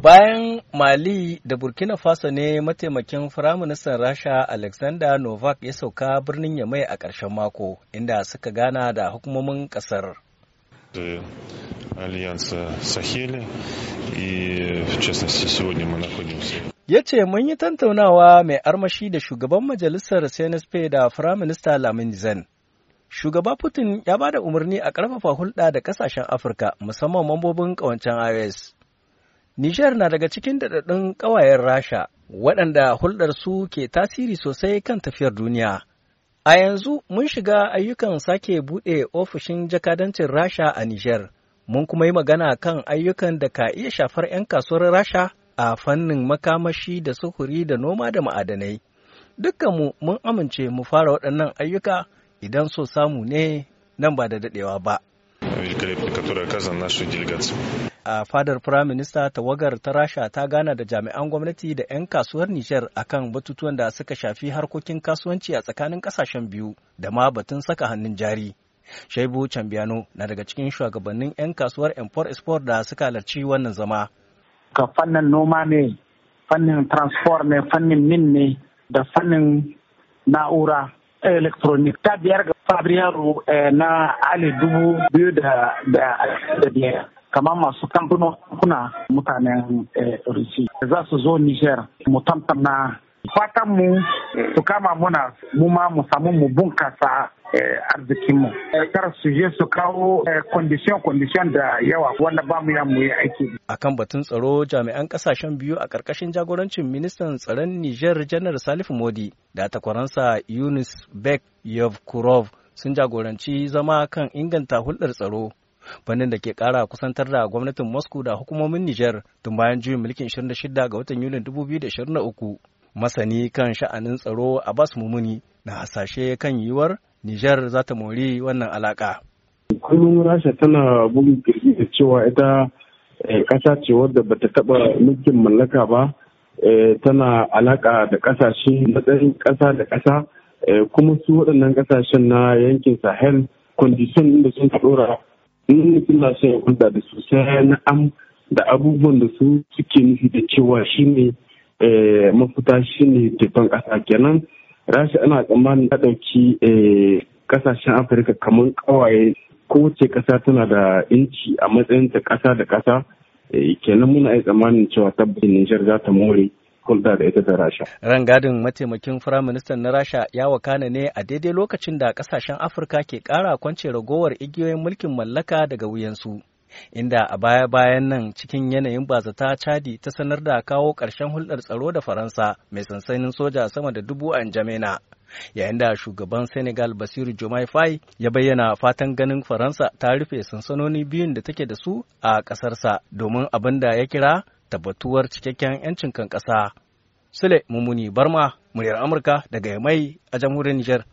Bayan Mali da Burkina Faso ne mataimakin Firaministan Rasha Alexander Novak ya sauka birnin Yamai a ƙarshen mako inda suka gana da hukumomin ƙasar. Euh, euh, ya ce mun yi tantaunawa mai armashi da shugaban majalisar CNSP da Firaminista Lamin Zen. Shugaba Putin ya ba da umarni a ƙarfafa hulɗa da ƙasashen Afirka musamman mambobin ƙawancen IOS. Nijar na daga cikin daɗaɗɗun ƙawayen Rasha waɗanda hulɗarsu ke tasiri sosai kan tafiyar duniya. A yanzu mun shiga ayyukan sake buɗe ofishin jakadancin Rasha a Nijar, mun kuma yi magana kan ayyukan da ka iya shafar 'yan kasuwar Rasha a fannin makamashi da sufuri da noma da ma'adanai. Dukkanmu mun amince mu fara waɗannan ayyuka idan so samu ne nan ba da daɗewa ba. a fadar firaminista tawagar ta rasha ta gana da jami'an gwamnati da 'yan kasuwar nijar a kan batutuwan da suka shafi harkokin kasuwanci a tsakanin kasashen biyu da ma batun saka hannun jari shaibu cambiano na daga cikin shugabannin 'yan kasuwar import export da suka halarci wannan zama ga fannin noma ne fannin transport ne fannin min ne da fannin na'ura electronic ta biyar ga fabriyaro eh, na ali dubu biyu da biyar kamar masu kuna mutanen eh, rishi Za su zo Nijar mu tantana fatan mu su kama muna mu ma mu samu mu bunkasa eh, arzikinmu. Eh, kar su je su kawo kondishin-kondishin da yawa wanda ba mu mu yi aiki. A kan batun tsaro jami'an kasashen biyu a ƙarƙashin jagorancin ministan tsaron Nijar Janar Salif Modi da takwaransa Yunus Bek Yevkurov sun jagoranci zama kan inganta hulɗar tsaro fannin da ke kara kusantar da gwamnatin Moscow da hukumomin Nijar tun bayan juyin mulkin 26 ga watan Yulin 2023. Masani kan sha'anin tsaro a bas Mumuni na hasashe kan yiwuwar Nijar za ta mori wannan alaka. Kullum Rasha tana bugun kirki da cewa ita eh, ƙasa ce wadda bata taɓa mulkin mallaka ba eh, tana alaka da kasashe matsayin ƙasa da kasa eh, kuma su waɗannan ƙasashen na yankin Sahel kwandishan da sun ɗora in suna son ya da su sai na am da abubuwan da su suke nufi da cewa shi ne eh, mafita ne tefan ƙasa kenan rashi ana tsammanin ta ɗauki eh, ƙasashen afirka kamar ƙawaye kowace ƙasa tana da inci a matsayin ta ƙasa da ƙasa eh, kenan muna yi tsammanin cewa tabbacin nijar za ta more hulɗa da ita ta rasha rangadin mataimakin firaministan na rasha ya wakana ne a daidai lokacin da ƙasashen afirka ke ƙara kwance ragowar igiyoyin mulkin mallaka daga wuyansu inda a baya-bayan nan cikin yanayin bazata chadi ta sanar da kawo ƙarshen hulɗar tsaro da faransa mai sansanin soja sama da dubu a jamena yayin da shugaban senegal basiru jomai fai ya bayyana fatan ganin faransa ta rufe sansanoni biyun da take da su a ƙasarsa domin abin da ya kira tabbatuwar cikakken 'yancin kan ƙasa. Sule Mumuni Barma, muryar Amurka daga Yamai a jamhuriyar Nijar.